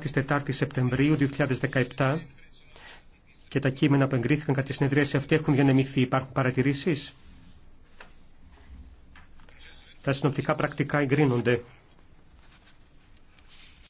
της 4 ης Σεπτεμβρίου 2017 και τα κείμενα που εγκρίθηκαν κατά τη συνεδρίαση αυτή έχουν διανεμηθεί. Υπάρχουν παρατηρήσεις. Τα συνοπτικά πρακτικά εγκρίνονται.